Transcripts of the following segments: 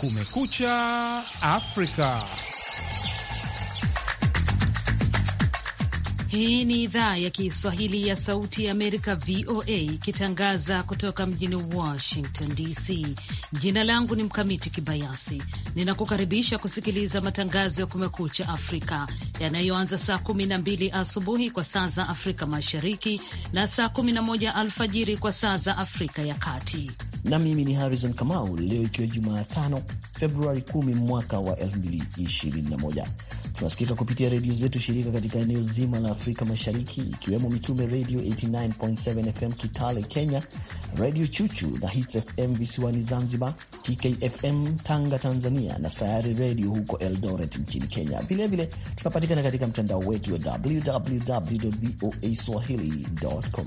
Kumekucha Afrika. Hii ni idhaa ya Kiswahili ya Sauti ya Amerika, VOA, ikitangaza kutoka mjini Washington DC. Jina langu ni Mkamiti Kibayasi, ninakukaribisha kusikiliza matangazo ya Kumekucha Afrika yanayoanza saa 12 asubuhi kwa saa za Afrika Mashariki na saa 11 alfajiri kwa saa za Afrika ya Kati na mimi ni Harrison Kamau. Leo ikiwa Jumatano, Februari 10 mwaka wa 2021, tunasikika kupitia redio zetu shirika katika eneo zima la Afrika Mashariki, ikiwemo Mitume Redio 89.7 FM Kitale Kenya, Redio Chuchu na Hits FM visiwani Zanzibar, TKFM Tanga Tanzania, na Sayari Redio huko Eldoret nchini Kenya. Vilevile tunapatikana katika mtandao wetu wa www voa swahili.com.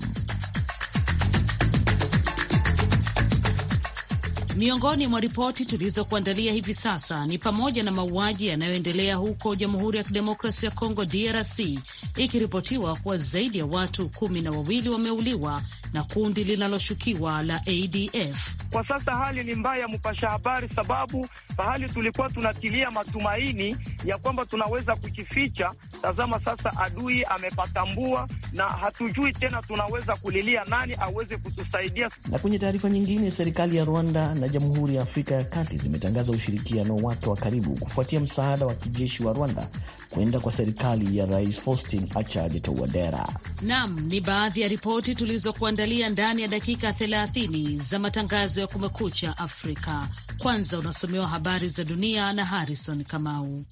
Miongoni mwa ripoti tulizokuandalia hivi sasa ni pamoja na mauaji yanayoendelea huko Jamhuri ya Kidemokrasia ya Kongo, DRC, ikiripotiwa kuwa zaidi ya watu kumi na wawili wameuliwa na kundi linaloshukiwa la ADF. Kwa sasa hali ni mbaya, mpasha habari, sababu pahali tulikuwa tunatilia matumaini ya kwamba tunaweza kujificha, tazama sasa adui amepatambua, na hatujui tena tunaweza kulilia nani aweze kutusaidia. Na kwenye taarifa nyingine, serikali ya Rwanda na Jamhuri ya Afrika ya Kati zimetangaza ushirikiano wake wa karibu kufuatia msaada wa kijeshi wa Rwanda kwenda kwa serikali ya Rais Faustin Archange Touadera. Nam ni baadhi ya ripoti tulizokuandalia ndani ya dakika 30 za matangazo ya Kumekucha Afrika. Kwanza unasomewa habari za dunia na Harrison Kamau.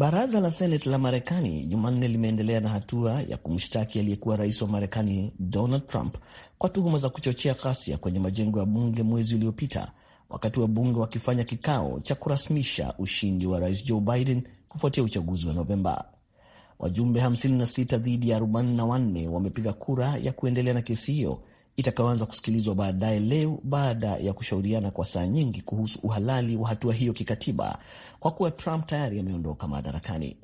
Baraza la Seneti la Marekani Jumanne limeendelea na hatua ya kumshtaki aliyekuwa rais wa Marekani Donald Trump kwa tuhuma za kuchochea ghasia kwenye majengo ya bunge mwezi uliopita, wakati wa bunge wakifanya kikao cha kurasmisha ushindi wa rais Joe Biden kufuatia uchaguzi wa Novemba. Wajumbe 56 dhidi ya 44 wamepiga kura ya kuendelea na kesi hiyo itakayoanza kusikilizwa baadaye leo baada ya kushauriana kwa saa nyingi kuhusu uhalali wa hatua hiyo kikatiba, kwa kuwa Trump tayari ameondoka madarakani.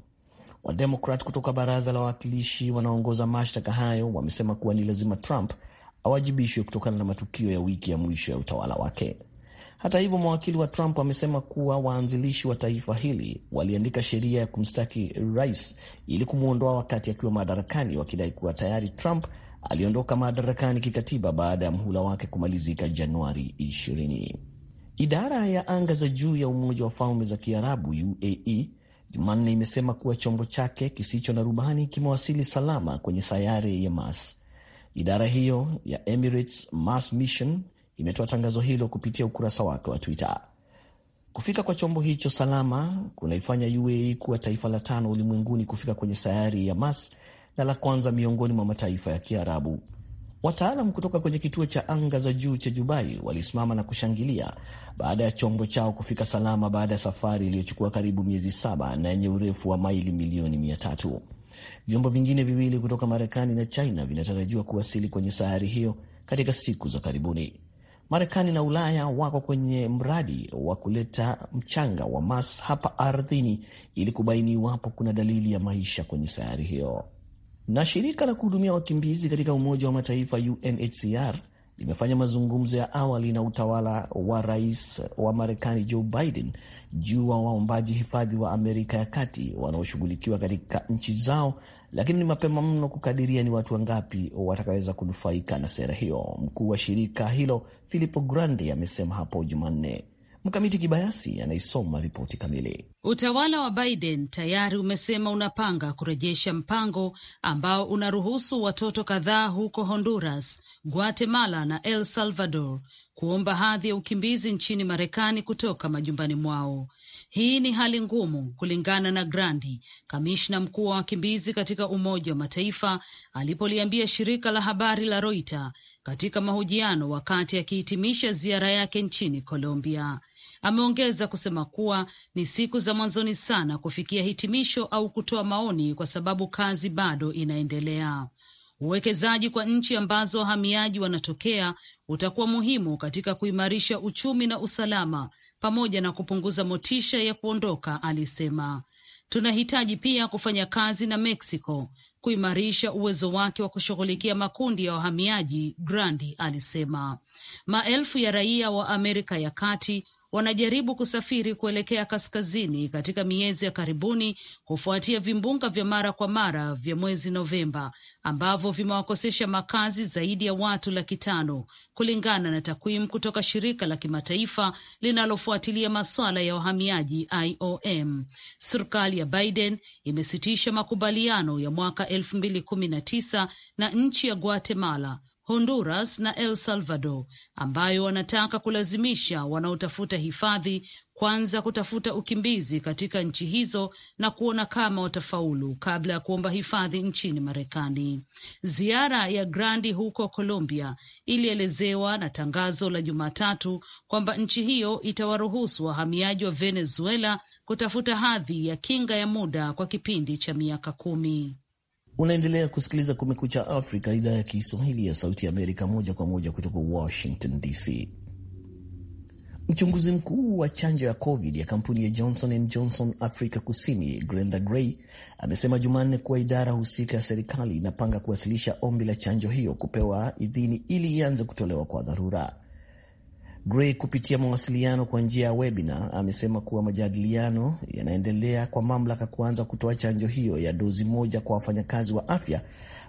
Wademokrat kutoka baraza la wawakilishi wanaoongoza mashtaka hayo wamesema kuwa ni lazima Trump awajibishwe kutokana na matukio ya wiki ya mwisho ya utawala wake. Hata hivyo, mawakili wa Trump wamesema kuwa waanzilishi wa taifa hili waliandika sheria ya kumstaki rais ili kumwondoa wakati akiwa madarakani, wakidai kuwa tayari Trump aliondoka madarakani kikatiba baada ya mhula wake kumalizika Januari 20. Idara ya anga za juu ya Umoja wa Falme za Kiarabu UAE Jumanne imesema kuwa chombo chake kisicho na rubani kimewasili salama kwenye sayari ya Mars. Idara hiyo ya Emirates Mars Mission imetoa tangazo hilo kupitia ukurasa wake wa Twitter. Kufika kwa chombo hicho salama kunaifanya UAE kuwa taifa la tano ulimwenguni kufika kwenye sayari ya Mars na la kwanza miongoni mwa mataifa ya Kiarabu. Wataalam kutoka kwenye kituo cha anga za juu cha jubai walisimama na kushangilia baada ya chombo chao kufika salama baada ya safari iliyochukua karibu miezi saba na yenye urefu wa maili milioni mia tatu. Vyombo vingine viwili kutoka Marekani na China vinatarajiwa kuwasili kwenye sayari hiyo katika siku za karibuni. Marekani na Ulaya wako kwenye mradi wa kuleta mchanga wa Mars hapa ardhini ili kubaini iwapo kuna dalili ya maisha kwenye sayari hiyo. Na shirika la kuhudumia wakimbizi katika Umoja wa Mataifa UNHCR limefanya mazungumzo ya awali na utawala wa rais wa Marekani Joe Biden juu wa waombaji hifadhi wa Amerika ya Kati wanaoshughulikiwa katika nchi zao, lakini ni mapema mno kukadiria ni watu wangapi watakaweza kunufaika na sera hiyo. Mkuu wa shirika hilo Filippo Grandi amesema hapo Jumanne. Mkamiti Kibayasi anaisoma ripoti kamili. Utawala wa Biden tayari umesema unapanga kurejesha mpango ambao unaruhusu watoto kadhaa huko Honduras, Guatemala na El Salvador kuomba hadhi ya ukimbizi nchini Marekani kutoka majumbani mwao. Hii ni hali ngumu, kulingana na Grandi, kamishna mkuu wa wakimbizi katika Umoja wa Mataifa, alipoliambia shirika la habari la Reuters katika mahojiano wakati akihitimisha ziara yake nchini Colombia. Ameongeza kusema kuwa ni siku za mwanzoni sana kufikia hitimisho au kutoa maoni, kwa sababu kazi bado inaendelea. Uwekezaji kwa nchi ambazo wahamiaji wanatokea utakuwa muhimu katika kuimarisha uchumi na usalama pamoja na kupunguza motisha ya kuondoka, alisema. Tunahitaji pia kufanya kazi na Mexico kuimarisha uwezo wake wa kushughulikia makundi ya wahamiaji, Grandi alisema. Maelfu ya raia wa Amerika ya Kati wanajaribu kusafiri kuelekea kaskazini katika miezi ya karibuni kufuatia vimbunga vya mara kwa mara vya mwezi Novemba ambavyo vimewakosesha makazi zaidi ya watu laki tano kulingana na takwimu kutoka shirika la kimataifa linalofuatilia masuala ya wahamiaji IOM. Serikali ya Biden imesitisha makubaliano ya mwaka elfu mbili kumi na tisa na nchi ya Guatemala Honduras na el Salvador, ambayo wanataka kulazimisha wanaotafuta hifadhi kwanza kutafuta ukimbizi katika nchi hizo na kuona kama watafaulu kabla ya kuomba hifadhi nchini Marekani. Ziara ya Grandi huko Colombia ilielezewa na tangazo la Jumatatu kwamba nchi hiyo itawaruhusu wahamiaji wa Venezuela kutafuta hadhi ya kinga ya muda kwa kipindi cha miaka kumi. Unaendelea kusikiliza Kumekucha Afrika, idhaa ya Kiswahili ya Sauti ya Amerika, moja kwa moja kutoka Washington DC. Mchunguzi mkuu wa chanjo ya COVID ya kampuni ya Johnson and Johnson Afrika Kusini, Glenda Gray, amesema Jumanne kuwa idara husika ya serikali inapanga kuwasilisha ombi la chanjo hiyo kupewa idhini ili ianze kutolewa kwa dharura. Gray kupitia mawasiliano kwa njia ya webinar amesema kuwa majadiliano yanaendelea kwa mamlaka kuanza kutoa chanjo hiyo ya dozi moja kwa wafanyakazi wa afya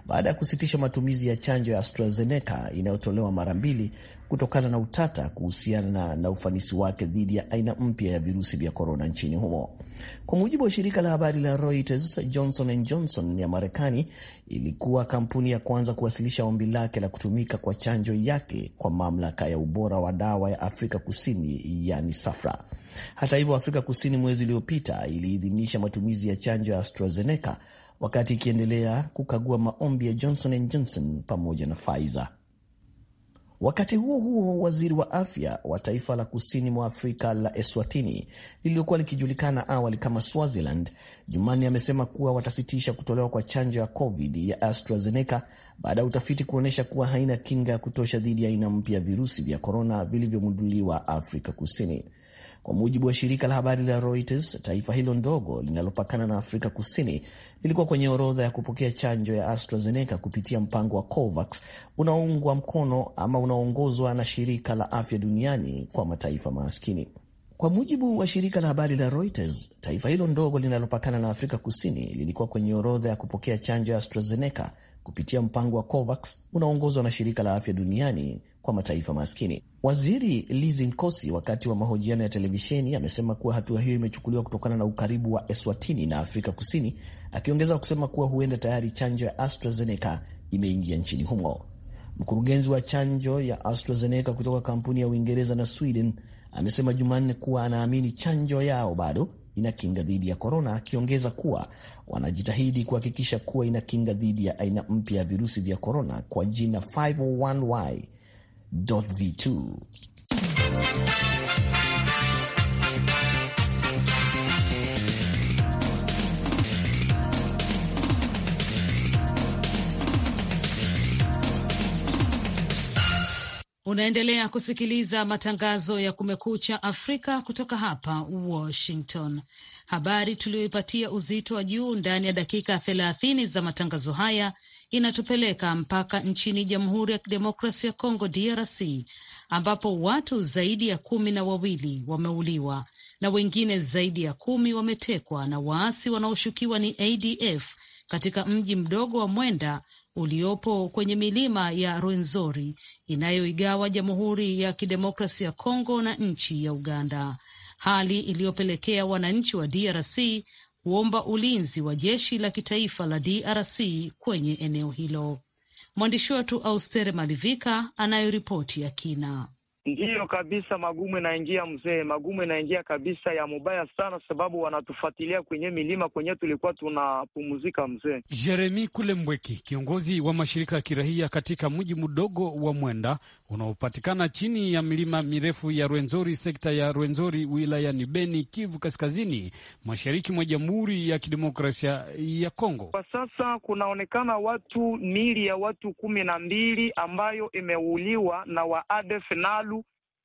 baada ya kusitisha matumizi ya chanjo ya AstraZeneca inayotolewa mara mbili kutokana na utata kuhusiana na ufanisi wake dhidi ya aina mpya ya virusi vya korona nchini humo. Kwa mujibu wa shirika la habari la Reuters, Johnson and Johnson ya Marekani ilikuwa kampuni ya kwanza kuwasilisha ombi lake la kutumika kwa chanjo yake kwa mamlaka ya ubora wa dawa ya Afrika Kusini, yani SAFRA. Hata hivyo, Afrika Kusini mwezi uliopita iliidhinisha matumizi ya chanjo ya AstraZeneca wakati ikiendelea kukagua maombi ya Johnson and Johnson pamoja na Pfizer. Wakati huo huo, waziri wa afya wa taifa la kusini mwa Afrika la Eswatini lililokuwa likijulikana awali kama Swaziland, Jumanne amesema kuwa watasitisha kutolewa kwa chanjo ya COVID ya AstraZeneca baada ya utafiti kuonyesha kuwa haina kinga ya kutosha dhidi ya aina mpya ya virusi vya korona vilivyogunduliwa Afrika Kusini. Kwa mujibu wa shirika la habari la Reuters, taifa hilo ndogo linalopakana na Afrika Kusini lilikuwa kwenye orodha ya kupokea chanjo ya AstraZeneca kupitia mpango wa COVAX unaoungwa mkono ama unaoongozwa na shirika la afya duniani kwa mataifa maskini. Kwa mujibu wa shirika la habari la Reuters, taifa hilo ndogo linalopakana na Afrika Kusini lilikuwa kwenye orodha ya kupokea chanjo ya AstraZeneca kupitia mpango wa COVAX unaoongozwa na shirika la afya duniani kwa mataifa maskini. Waziri Lizi Nkosi, wakati wa mahojiano ya televisheni, amesema kuwa hatua hiyo imechukuliwa kutokana na ukaribu wa Eswatini na Afrika Kusini, akiongeza kusema kuwa huenda tayari chanjo ya AstraZeneca imeingia nchini humo. Mkurugenzi wa chanjo ya AstraZeneca kutoka kampuni ya Uingereza na Sweden amesema Jumanne kuwa anaamini chanjo yao bado ina kinga dhidi ya korona, akiongeza kuwa wanajitahidi kuhakikisha kuwa ina kinga dhidi ya aina mpya ya virusi vya korona kwa jina 501Y v2. Unaendelea kusikiliza matangazo ya Kumekucha Afrika kutoka hapa Washington. Habari tuliyoipatia uzito wa juu ndani ya dakika thelathini za matangazo haya inatupeleka mpaka nchini Jamhuri ya Kidemokrasi ya Kongo, DRC, ambapo watu zaidi ya kumi na wawili wameuliwa na wengine zaidi ya kumi wametekwa na waasi wanaoshukiwa ni ADF katika mji mdogo wa Mwenda uliopo kwenye milima ya Rwenzori inayoigawa Jamhuri ya Kidemokrasi ya Kongo na nchi ya Uganda, hali iliyopelekea wananchi wa DRC kuomba ulinzi wa jeshi la kitaifa la DRC kwenye eneo hilo. Mwandishi wetu Austere Malivika anayoripoti ya kina. Ndiyo kabisa, magumu inaingia mzee, magumu inaingia kabisa ya mubaya sana, sababu wanatufuatilia kwenye milima kwenye tulikuwa tunapumzika. Mzee Jeremi Kulembweki, kiongozi wa mashirika ya kirahia katika mji mdogo wa Mwenda unaopatikana chini ya milima mirefu ya Rwenzori, sekta ya Rwenzori wilayani Beni, Kivu Kaskazini, mashariki mwa Jamhuri ya Kidemokrasia ya Kongo. Kwa sasa kunaonekana watu, mili ya watu kumi na mbili ambayo imeuliwa na wa ADF Nalu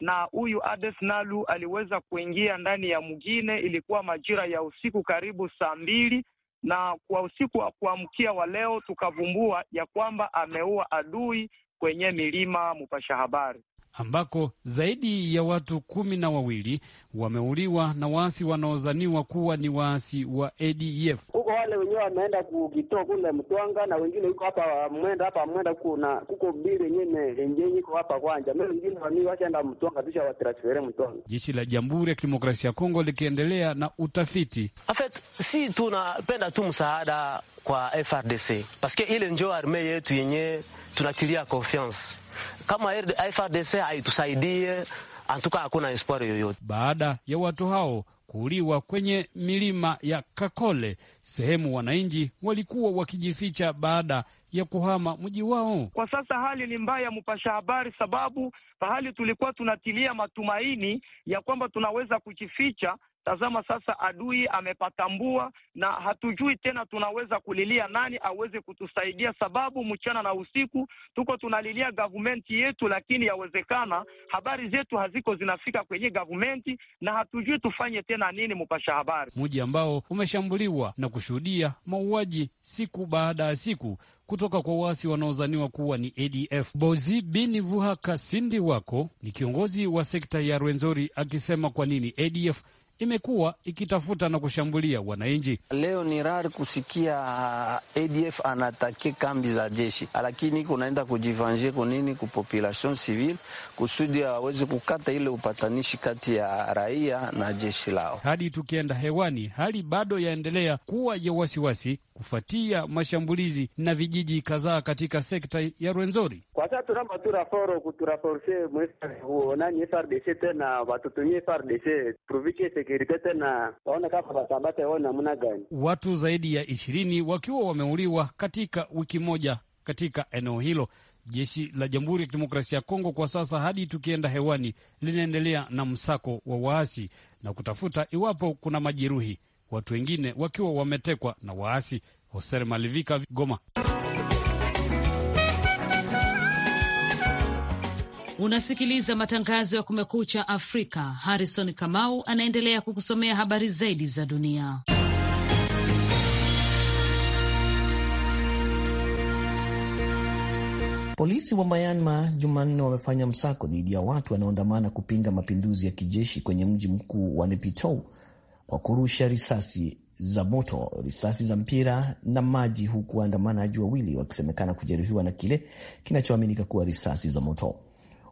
na huyu Ades Nalu aliweza kuingia ndani ya mgine, ilikuwa majira ya usiku karibu saa mbili, na kwa usiku wa kuamkia wa leo tukavumbua ya kwamba ameua adui kwenye milima. Mupasha habari ambako zaidi ya watu kumi na wawili wameuliwa na waasi wanaozaniwa kuwa ni waasi wa ADF. Huko wale wenyewe wameenda kukitoa kule Mtwanga na wengine iko hapa Mwenda, hapa Mwenda kuna kuko bili yenyewe iko hapa Kwanja, me wengine wami washaenda Mtwanga, tusha watransfere Mtwanga. Jeshi la Jamhuri ya Kidemokrasia ya Kongo likiendelea na utafiti. Afet, si tunapenda tu msaada kwa FRDC paske ile njo arme yetu yenyewe tunatilia confiance kama FARDC haitusaidie, antuka hakuna espoir yoyote. Baada ya watu hao kuuliwa kwenye milima ya Kakole, sehemu wananchi walikuwa wakijificha baada ya kuhama mji wao. Kwa sasa hali ni mbaya, mpasha habari, sababu pahali tulikuwa tunatilia matumaini ya kwamba tunaweza kujificha Tazama sasa, adui amepatambua na hatujui tena tunaweza kulilia nani aweze kutusaidia, sababu mchana na usiku tuko tunalilia gavumenti yetu, lakini yawezekana habari zetu haziko zinafika kwenye gavumenti na hatujui tufanye tena nini. Mpasha habari, mji ambao umeshambuliwa na kushuhudia mauaji siku baada ya siku kutoka kwa waasi wanaozaniwa kuwa ni ADF. Bozi Bini Vuha Kasindi wako ni kiongozi wa sekta ya Rwenzori akisema kwa nini ADF imekuwa ikitafuta na kushambulia wananchi. Leo ni rari kusikia uh, ADF anatake kambi za jeshi, lakini kunaenda kujivanje kunini kupopulation civil kusudi hawawezi kukata ile upatanishi kati ya raia na jeshi lao. Hadi tukienda hewani, hali bado yaendelea kuwa ya wasiwasi, kufuatia mashambulizi na vijiji kadhaa katika sekta ya Rwenzori. Kwa sasa tunaomba tu raforo huo uonani FRDC tena watutumie FRDC province sekurite tena waone kama watabate wao namna gani. Watu zaidi ya ishirini wakiwa wameuliwa katika wiki moja katika eneo hilo. Jeshi la Jamhuri ya Kidemokrasia ya Kongo kwa sasa hadi tukienda hewani linaendelea na msako wa waasi na kutafuta iwapo kuna majeruhi watu wengine wakiwa wametekwa na waasi. Hoser Malivika, Goma. Unasikiliza matangazo ya Kumekucha Afrika. Harrison Kamau anaendelea kukusomea habari zaidi za dunia. Polisi wa Myanmar Jumanne wamefanya msako dhidi ya watu wanaoandamana kupinga mapinduzi ya kijeshi kwenye mji mkuu wa Nepitou kwa kurusha risasi za moto, risasi za mpira na maji, huku waandamanaji wawili wakisemekana kujeruhiwa na kile kinachoaminika kuwa risasi za moto.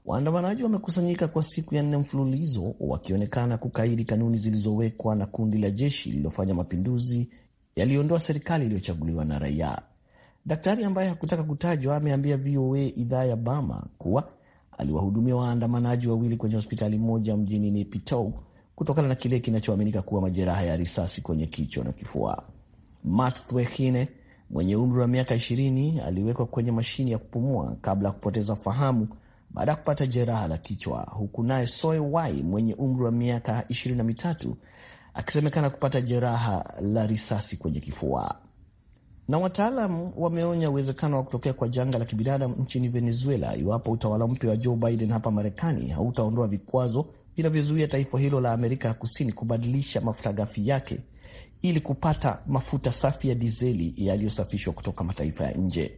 Waandamanaji wamekusanyika kwa siku ya nne mfululizo wakionekana kukaidi kanuni zilizowekwa na kundi la jeshi lililofanya mapinduzi yaliyoondoa serikali iliyochaguliwa na raia. Daktari ambaye hakutaka kutajwa ameambia VOA idhaa ya Bama kuwa aliwahudumia waandamanaji wawili kwenye hospitali moja mjini Nipitou kutokana na kile kinachoaminika kuwa majeraha ya risasi kwenye kichwa na kifua. Matt mwenye umri wa miaka 20 aliwekwa kwenye mashini ya kupumua kabla ya kupoteza fahamu baada ya kupata jeraha la kichwa, huku naye Soe Wai mwenye umri wa miaka 23 akisemekana kupata jeraha la risasi kwenye kifua. Na wataalam wameonya uwezekano wa kutokea kwa janga la kibinadamu nchini Venezuela iwapo utawala mpya wa Joe Biden hapa Marekani hautaondoa vikwazo vinavyozuia taifa hilo la Amerika ya Kusini kubadilisha mafuta ghafi yake ili kupata mafuta safi ya dizeli yaliyosafishwa kutoka mataifa ya nje.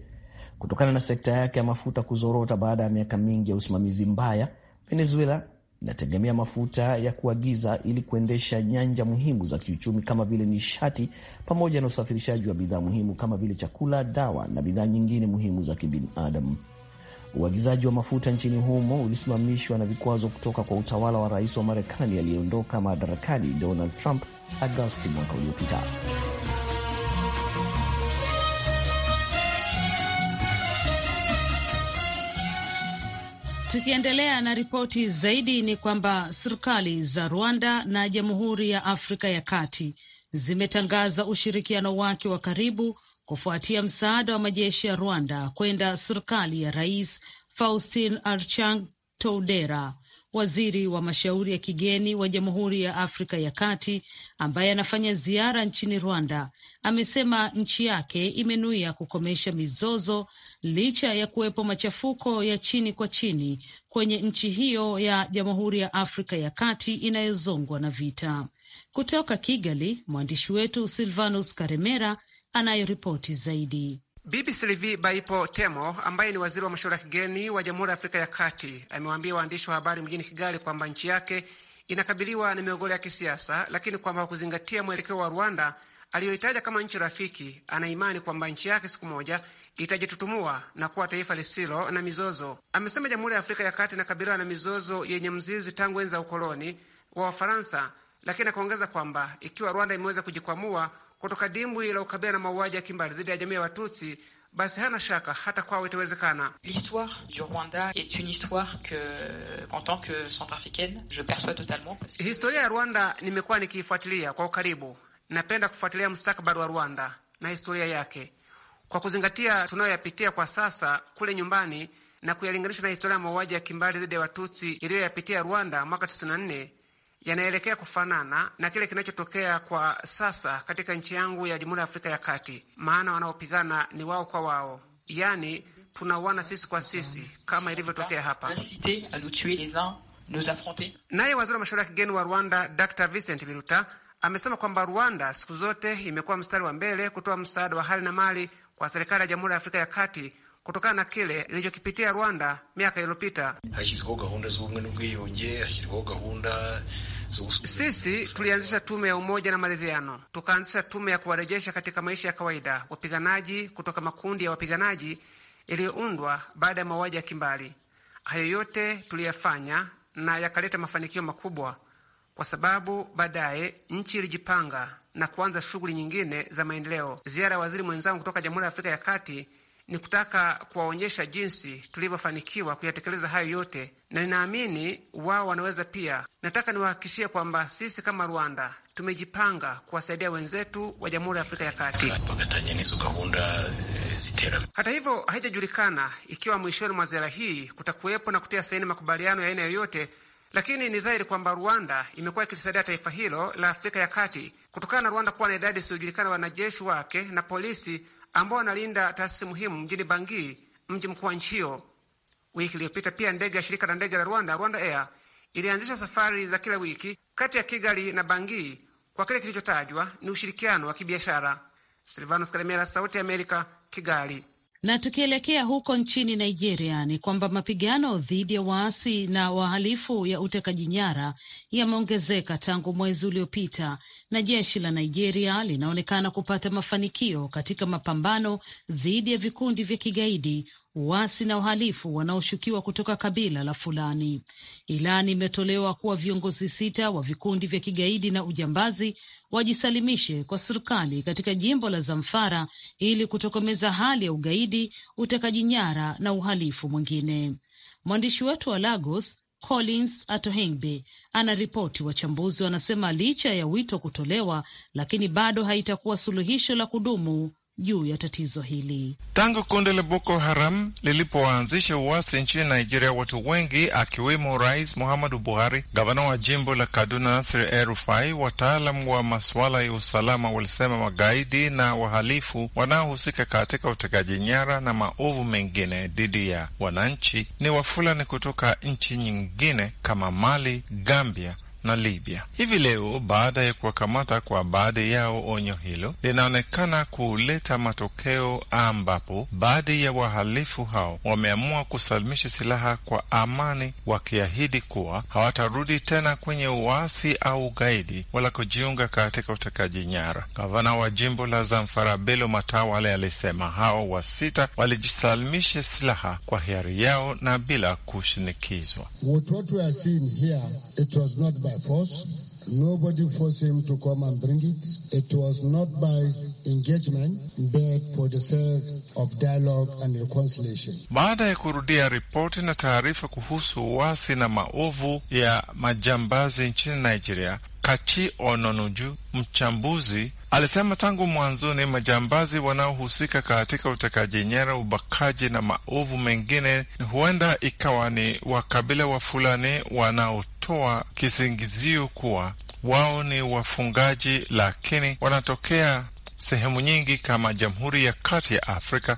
Kutokana na sekta yake ya mafuta kuzorota baada ya miaka mingi ya usimamizi mbaya, Venezuela inategemea mafuta ya kuagiza ili kuendesha nyanja muhimu za kiuchumi kama vile nishati pamoja na usafirishaji wa bidhaa muhimu kama vile chakula, dawa na bidhaa nyingine muhimu za kibinadamu. Uagizaji wa mafuta nchini humo ulisimamishwa na vikwazo kutoka kwa utawala wa rais wa Marekani aliyeondoka madarakani Donald Trump Agosti mwaka uliopita. Tukiendelea na ripoti zaidi ni kwamba serikali za Rwanda na Jamhuri ya Afrika ya Kati zimetangaza ushirikiano wake wa karibu kufuatia msaada wa majeshi ya Rwanda kwenda serikali ya Rais Faustin Archang toudera waziri wa mashauri ya kigeni wa Jamhuri ya Afrika ya Kati ambaye anafanya ziara nchini Rwanda amesema nchi yake imenuia kukomesha mizozo licha ya kuwepo machafuko ya chini kwa chini kwenye nchi hiyo ya Jamhuri ya Afrika ya Kati inayozongwa na vita. Kutoka Kigali, mwandishi wetu Silvanus Karemera anayoripoti zaidi. Bibi Sylvie Baipo Temo ambaye ni waziri wa mashauri ya kigeni wa Jamhuri ya Afrika ya Kati amewaambia waandishi wa habari mjini Kigali kwamba nchi yake inakabiliwa na migogoro ya kisiasa, lakini kwamba kwa kuzingatia mwelekeo wa Rwanda aliyohitaja kama nchi rafiki, ana imani kwamba nchi yake siku moja itajitutumua na kuwa taifa lisilo na mizozo. Amesema Jamhuri ya Afrika ya Kati inakabiliwa na mizozo yenye mzizi tangu enzi za ukoloni wa Wafaransa, lakini akaongeza kwamba ikiwa Rwanda imeweza kujikwamua kutoka dimbwi la ukabila na mauaji ya kimbari dhidi ya jamii ya Watutsi, basi hana shaka hata kwao itawezekana. Historia ya Rwanda nimekuwa nikiifuatilia kwa ukaribu. Napenda kufuatilia mustakabali wa Rwanda na historia yake kwa kuzingatia tunayoyapitia kwa sasa kule nyumbani na kuyalinganisha na historia ya mauaji ya kimbari dhidi ya Watutsi iliyoyapitia Rwanda mwaka 94 yanaelekea kufanana na kile kinachotokea kwa sasa katika nchi yangu ya Jamhuri ya Afrika ya Kati, maana wanaopigana ni wao kwa wao, yaani tunauana sisi kwa sisi kama ilivyotokea hapa. Naye waziri wa mashauri ya kigeni wa Rwanda Dr Vincent Biruta amesema kwamba Rwanda siku zote imekuwa mstari wa mbele kutoa msaada wa hali na mali kwa serikali ya Jamhuri ya Afrika ya Kati kutokana na kile ilichokipitia Rwanda miaka iliyopita. Sisi tulianzisha tume ya umoja na maridhiano, tukaanzisha tume ya kuwarejesha katika maisha ya kawaida wapiganaji kutoka makundi ya wapiganaji yaliyoundwa baada ya mauaji ya kimbali. Hayo yote tuliyafanya na yakaleta mafanikio makubwa, kwa sababu baadaye nchi ilijipanga na kuanza shughuli nyingine za maendeleo. Ziara ya waziri mwenzangu kutoka Jamhuri ya Afrika ya Kati ni kutaka kuwaonyesha jinsi tulivyofanikiwa kuyatekeleza hayo yote, na ninaamini wao wanaweza pia. Nataka niwahakikishie kwamba sisi kama Rwanda tumejipanga kuwasaidia wenzetu wa Jamhuri ya Afrika ya Kati. Hata hivyo, haijajulikana ikiwa mwishoni mwa ziara hii kutakuwepo na kutia saini makubaliano ya aina yoyote, lakini ni dhahiri kwamba Rwanda imekuwa ikilisaidia taifa hilo la Afrika ya Kati kutokana na Rwanda kuwa na idadi isiyojulikana wanajeshi wake na polisi ambao wanalinda taasisi muhimu mjini Bangi, mji mkuu wa nchi hiyo. Wiki iliyopita pia ndege ya shirika la ndege la Rwanda, Rwanda Air, ilianzisha safari za kila wiki kati ya Kigali na Bangi kwa kile kilichotajwa ni ushirikiano wa kibiashara. Silvanus Kalemera, Sauti ya Amerika, Kigali. Na tukielekea huko nchini Nigeria ni kwamba mapigano dhidi ya waasi na wahalifu ya utekaji nyara yameongezeka tangu mwezi uliopita, na jeshi la Nigeria linaonekana kupata mafanikio katika mapambano dhidi ya vikundi vya kigaidi uasi na uhalifu wanaoshukiwa kutoka kabila la Fulani. Ilani imetolewa kuwa viongozi sita wa vikundi vya kigaidi na ujambazi wajisalimishe kwa serikali katika jimbo la Zamfara ili kutokomeza hali ya ugaidi, utekaji nyara na uhalifu mwingine. Mwandishi wetu wa Lagos Collins Atohengbe anaripoti. Wachambuzi wanasema licha ya wito kutolewa, lakini bado haitakuwa suluhisho la kudumu juu ya tatizo hili. Tangu kundi la Boko Haram lilipoanzisha uasi nchini Nigeria, watu wengi akiwemo Rais Muhammadu Buhari, gavana wa jimbo la Kaduna Nasir wataalam wa masuala ya usalama walisema magaidi na wahalifu wanaohusika katika utekaji nyara na maovu mengine dhidi ya wananchi ni Wafulani kutoka nchi nyingine kama Mali, Gambia na Libya. Hivi leo baada ya kuwakamata kwa baadhi yao, onyo hilo linaonekana kuleta matokeo, ambapo baadhi ya wahalifu hao wameamua kusalimisha silaha kwa amani, wakiahidi kuwa hawatarudi tena kwenye uasi au ugaidi wala kujiunga katika utekaji nyara. Gavana wa jimbo la Zamfara Bello Matawalle alisema hao wasita walijisalimisha silaha kwa hiari yao na bila kushinikizwa. What, what we are by force. Nobody forced him to come and bring it. It was not by engagement, but for the sake of dialogue and reconciliation. Baada ya kurudia ripoti na taarifa kuhusu uasi na maovu ya majambazi nchini Nigeria, Kachi Ononuju, mchambuzi, alisema tangu mwanzoni majambazi wanaohusika katika utekaji nyara, ubakaji na maovu mengine huenda ikawa ni wakabila wa fulani wanao wanatoa kisingizio kuwa wao ni wafungaji, lakini wanatokea sehemu nyingi kama Jamhuri ya Kati ya Afrika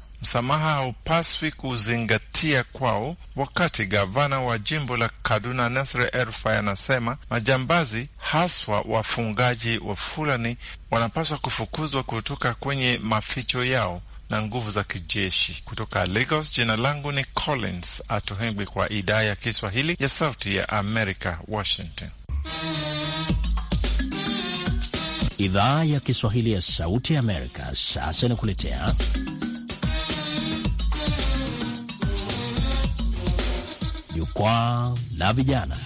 msamaha haupaswi kuzingatia kwao. Wakati gavana wa jimbo la Kaduna Nasre Erfai anasema majambazi, haswa wafungaji wa Fulani, wanapaswa kufukuzwa kutoka kwenye maficho yao na nguvu za kijeshi. Kutoka Lagos, jina langu ni Collins Atohengwi kwa idhaa ya Kiswahili ya Sauti ya america Washington. Idhaa ya Kiswahili ya Sauti ya Amerika sasa inakuletea jukwaa la vijana.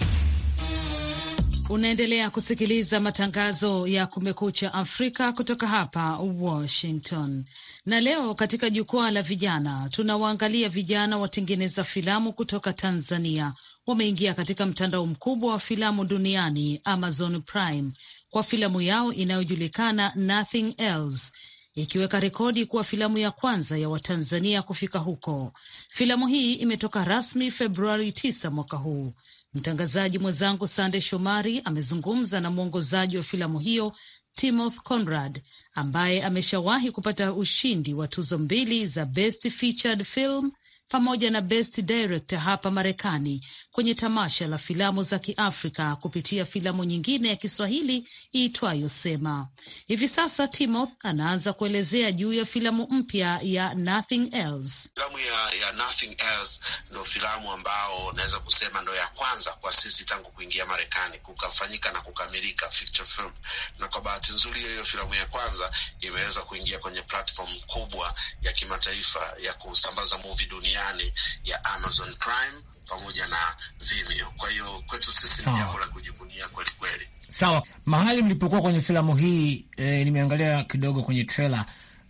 Unaendelea kusikiliza matangazo ya Kumekucha Afrika kutoka hapa Washington, na leo katika jukwaa la vijana tunawaangalia vijana watengeneza filamu kutoka Tanzania wameingia katika mtandao mkubwa wa filamu duniani Amazon Prime kwa filamu yao inayojulikana Nothing Else ikiweka rekodi kuwa filamu ya kwanza ya Watanzania kufika huko. Filamu hii imetoka rasmi Februari 9 mwaka huu. Mtangazaji mwenzangu Sande Shomari amezungumza na mwongozaji wa filamu hiyo Timothy Conrad ambaye ameshawahi kupata ushindi wa tuzo mbili za Best Featured Film pamoja na Best Director hapa Marekani kwenye tamasha la filamu za Kiafrika kupitia filamu nyingine ya Kiswahili iitwayo Sema. Hivi sasa timoth anaanza kuelezea juu ya filamu mpya ya Nothing Else. Filamu ya, ya Nothing Else ndo filamu ambao naweza kusema ndo ya kwanza kwa sisi tangu kuingia Marekani kukafanyika na kukamilika feature film, na kwa bahati nzuri hiyo filamu ya kwanza imeweza kuingia kwenye platform kubwa ya kimataifa ya kusambaza movie yale yaani ya Amazon Prime pamoja na Vimeo. Kwa hiyo kwetu sisi ni jambo la kujivunia kweli kweli. Sawa, mahali mlipokuwa kwenye filamu hii e, nimeangalia kidogo kwenye trailer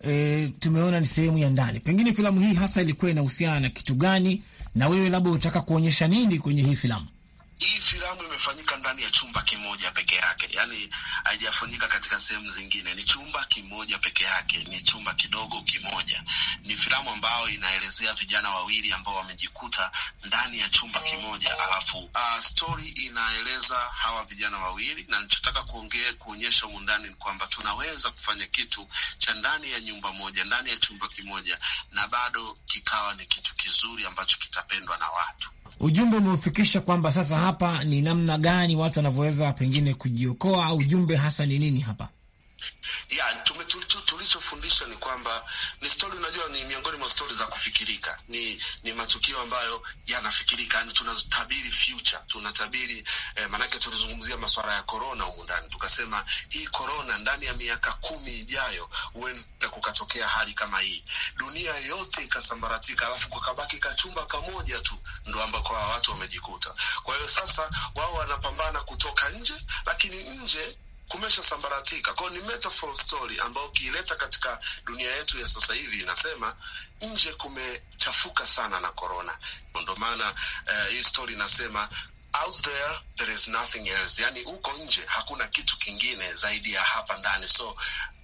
e, tumeona ni sehemu ya ndani. Pengine filamu hii hasa ilikuwa inahusiana na kitu gani, na wewe labda unataka kuonyesha nini kwenye hii filamu? Hii filamu imefanyika ndani ya chumba kimoja peke yake, yani haijafanyika katika sehemu zingine. Ni chumba kimoja peke yake, ni chumba kidogo kimoja. Ni filamu ambayo inaelezea vijana wawili ambao wamejikuta ndani ya chumba kimoja, alafu uh, ah, stori inaeleza hawa vijana wawili, na nichotaka kuongea kuonyesha ndani ni kwamba tunaweza kufanya kitu cha ndani ya nyumba moja, ndani ya chumba kimoja, na bado kikawa ni kitu kizuri ambacho kitapendwa na watu ujumbe umeufikisha kwamba sasa hapa ni namna gani watu wanavyoweza pengine kujiokoa, ujumbe hasa ni nini hapa? Yeah, tulichofundisha ni kwamba ni stori, unajua ni miongoni mwa stori za kufikirika, ni ni matukio ambayo yanafikirika, yani tunatabiri future, tunatabiri eh, maanake tulizungumzia masuala ya korona humu ndani, tukasema hii korona ndani ya miaka kumi ijayo huenda kukatokea hali kama hii, dunia yote ikasambaratika, alafu kukabaki kachumba kamoja tu ndo ambako watu wamejikuta. Kwa hiyo sasa wao wanapambana kutoka nje, lakini nje kumeshasambaratika. Kwao ni metaphor story ambayo ukiileta katika dunia yetu ya sasa hivi inasema nje kumechafuka sana na korona. Ndo maana uh, hii story inasema Out there, there is nothing else. Yani, huko nje hakuna kitu kingine zaidi ya hapa ndani, so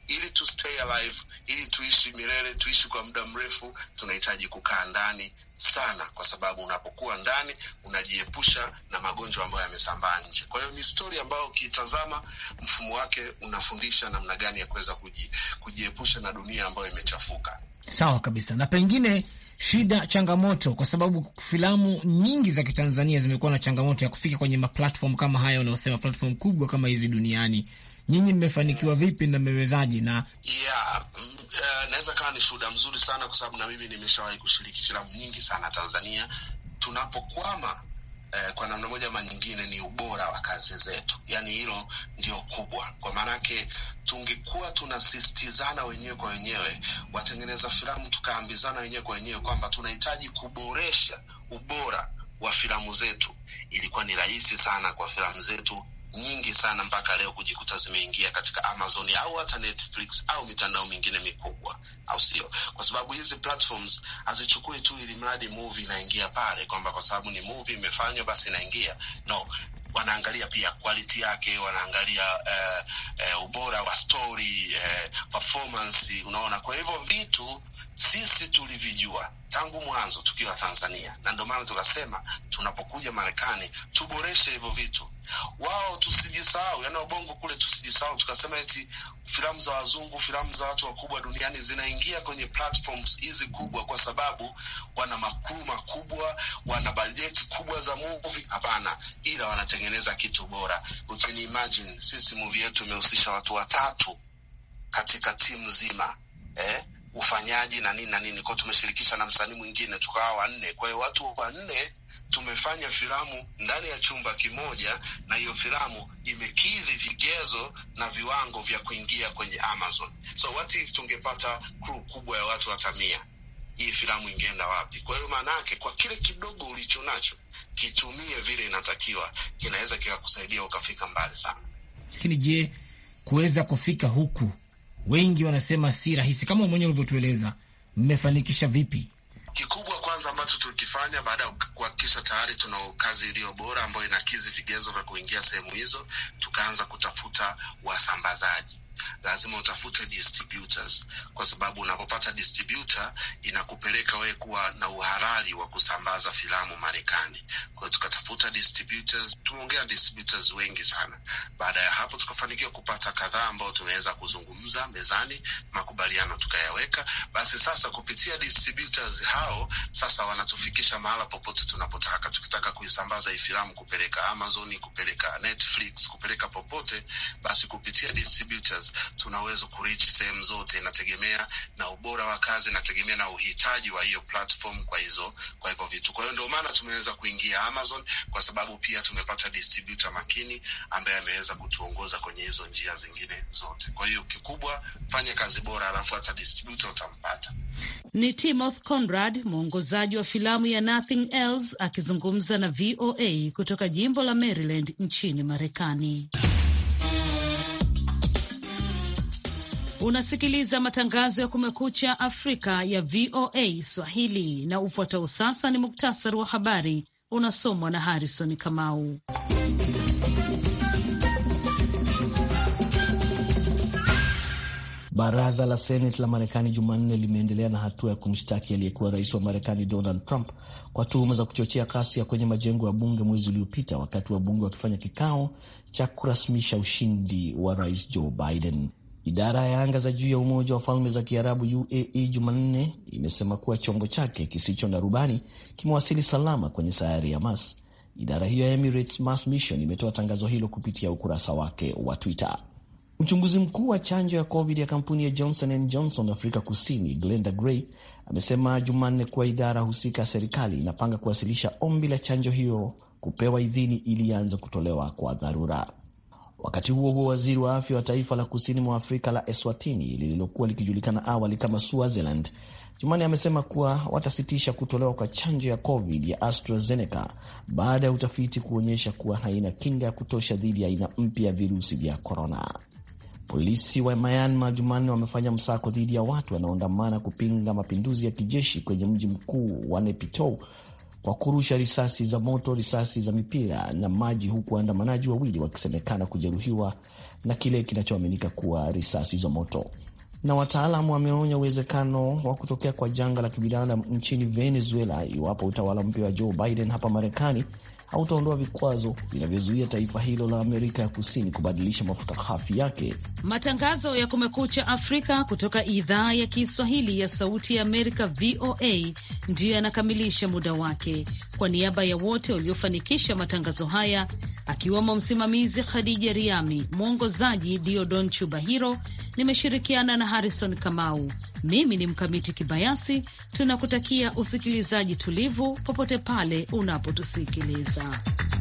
ili tu stay alive, ili tuishi milele, tuishi kwa muda mrefu, tunahitaji kukaa ndani sana, kwa sababu unapokuwa ndani unajiepusha na magonjwa ambayo yamesambaa nje. Kwa hiyo ni stori ambayo ukiitazama, mfumo wake unafundisha namna gani ya kuweza kujiepusha na dunia ambayo imechafuka. Sawa kabisa, na pengine shida, changamoto, kwa sababu filamu nyingi za Kitanzania zimekuwa na changamoto ya kufika kwenye maplatform kama haya unaosema platform kubwa kama hizi duniani nyinyi mmefanikiwa vipi na mmewezaji? na yeah, uh, naweza kawa ni shuhuda mzuri sana kwa sababu na mimi nimeshawahi kushiriki filamu nyingi sana Tanzania. Tunapokwama eh, kwa namna moja ama nyingine ni ubora wa kazi zetu, yaani hilo ndio kubwa, kwa maanake tungekuwa tunasistizana wenyewe kwa wenyewe, watengeneza filamu tukaambizana wenyewe kwa wenyewe kwamba tunahitaji kuboresha ubora wa filamu zetu, ilikuwa ni rahisi sana kwa filamu zetu nyingi sana mpaka leo kujikuta zimeingia katika Amazon au hata Netflix au mitandao mingine mikubwa, au sio? Kwa sababu hizi platforms hazichukui tu ili mradi movie inaingia pale, kwamba kwa sababu ni movie imefanywa basi inaingia. No, wanaangalia pia quality yake, wanaangalia uh, uh, ubora wa story, uh, performance, unaona. Kwa hivyo vitu sisi tulivijua tangu mwanzo tukiwa Tanzania, na ndio maana tunasema tunapokuja Marekani tuboreshe hivyo vitu, wao tusijisahau, yaani wabongo kule tusijisahau, tukasema eti filamu za wazungu, filamu za watu wakubwa duniani zinaingia kwenye platforms hizi kubwa kwa sababu wana makuu makubwa, wana bajeti kubwa za movie. Hapana, ila wanatengeneza kitu bora. Ukini imagine sisi movie yetu imehusisha watu watatu katika timu nzima eh? ufanyaji na nini na nini, kwao tumeshirikisha na msanii mwingine, tukawa wanne. Kwa hiyo watu wanne tumefanya filamu ndani ya chumba kimoja, na hiyo filamu imekidhi vigezo na viwango vya kuingia kwenye Amazon. So what if tungepata crew kubwa ya watu hata mia, hii filamu ingeenda wapi? Kwa hiyo maana yake, kwa kile kidogo ulicho nacho kitumie vile inatakiwa, kinaweza kikakusaidia ukafika mbali sana. Lakini je, kuweza kufika huku wengi wanasema si rahisi, kama mwenyewe ulivyotueleza, mmefanikisha vipi? Kikubwa kwanza ambacho tulikifanya baada ya kuhakikisha tayari tuna kazi iliyo bora ambayo inakizi vigezo vya kuingia sehemu hizo, tukaanza kutafuta wasambazaji lazima utafute distributors, kwa sababu unapopata distributor inakupeleka wewe kuwa na uhalali wa kusambaza filamu Marekani. Kwa hiyo tukatafuta distributors, tumeongea distributors wengi sana. Baada ya hapo, tukafanikiwa kupata kadhaa ambao tumeweza kuzungumza mezani, makubaliano tukayaweka. Basi sasa kupitia distributors hao sasa wanatufikisha mahala popote tunapotaka, tukitaka kuisambaza hii filamu kupeleka Amazon, kupeleka Netflix, kupeleka popote, basi kupitia distributors Masters, tunaweza kurichi sehemu zote, inategemea na ubora wa kazi, inategemea na uhitaji wa hiyo platform kwa hizo kwa hivyo vitu. Kwa hiyo ndio maana tumeweza kuingia Amazon kwa sababu pia tumepata distributor makini ambaye ameweza kutuongoza kwenye hizo njia zingine zote. Kwa hiyo kikubwa, fanya kazi bora, alafu hata distributor utampata. Ni Timothy Conrad, mwongozaji wa filamu ya Nothing Else, akizungumza na VOA kutoka jimbo la Maryland nchini Marekani. Unasikiliza matangazo ya Kumekucha Afrika ya VOA Swahili, na ufuatao sasa ni muktasari wa habari unasomwa na Harrison Kamau. Baraza la Seneti la Marekani Jumanne limeendelea na hatua ya kumshtaki aliyekuwa rais wa Marekani Donald Trump kwa tuhuma za kuchochea ya kwenye majengo ya bunge mwezi uliopita, wakati wa bunge wakifanya kikao cha kurasmisha ushindi wa rais Joe Biden. Idara ya anga za juu ya Umoja wa Falme za Kiarabu UAE Jumanne imesema kuwa chombo chake kisicho na rubani kimewasili salama kwenye sayari ya Mars. Idara hiyo ya Emirates Mars Mission imetoa tangazo hilo kupitia ukurasa wake wa Twitter. Mchunguzi mkuu wa chanjo ya COVID ya kampuni ya Johnson and Johnson Afrika Kusini, Glenda Gray amesema Jumanne kuwa idara husika ya serikali inapanga kuwasilisha ombi la chanjo hiyo kupewa idhini ili ianze kutolewa kwa dharura. Wakati huo huo, waziri wa afya wa taifa la kusini mwa Afrika la Eswatini lililokuwa likijulikana awali kama Swaziland Jumani amesema kuwa watasitisha kutolewa kwa chanjo ya COVID ya AstraZeneca baada ya utafiti kuonyesha kuwa haina kinga ya kutosha dhidi ya aina mpya ya virusi vya korona. Polisi wa Myanmar Jumanne wamefanya msako dhidi ya watu wanaoandamana kupinga mapinduzi ya kijeshi kwenye mji mkuu wa Naypyidaw kwa kurusha risasi za moto, risasi za mipira na maji, huku waandamanaji wawili wakisemekana kujeruhiwa na kile kinachoaminika kuwa risasi za moto. Na wataalamu wameonya uwezekano wa kutokea kwa janga la kibinadamu nchini Venezuela iwapo utawala mpya wa Joe Biden hapa Marekani hautaondoa vikwazo vinavyozuia taifa hilo la Amerika ya Kusini kubadilisha mafuta ghafi yake. Matangazo ya Kumekucha Afrika kutoka idhaa ya Kiswahili ya Sauti ya Amerika, VOA, ndiyo yanakamilisha muda wake. Kwa niaba ya wote waliofanikisha matangazo haya, akiwemo msimamizi Khadija Riami, mwongozaji Diodon Chubahiro, nimeshirikiana na Harrison Kamau. Mimi ni Mkamiti Kibayasi. Tunakutakia usikilizaji tulivu popote pale unapotusikiliza. Yeah.